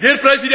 Wir präsidenten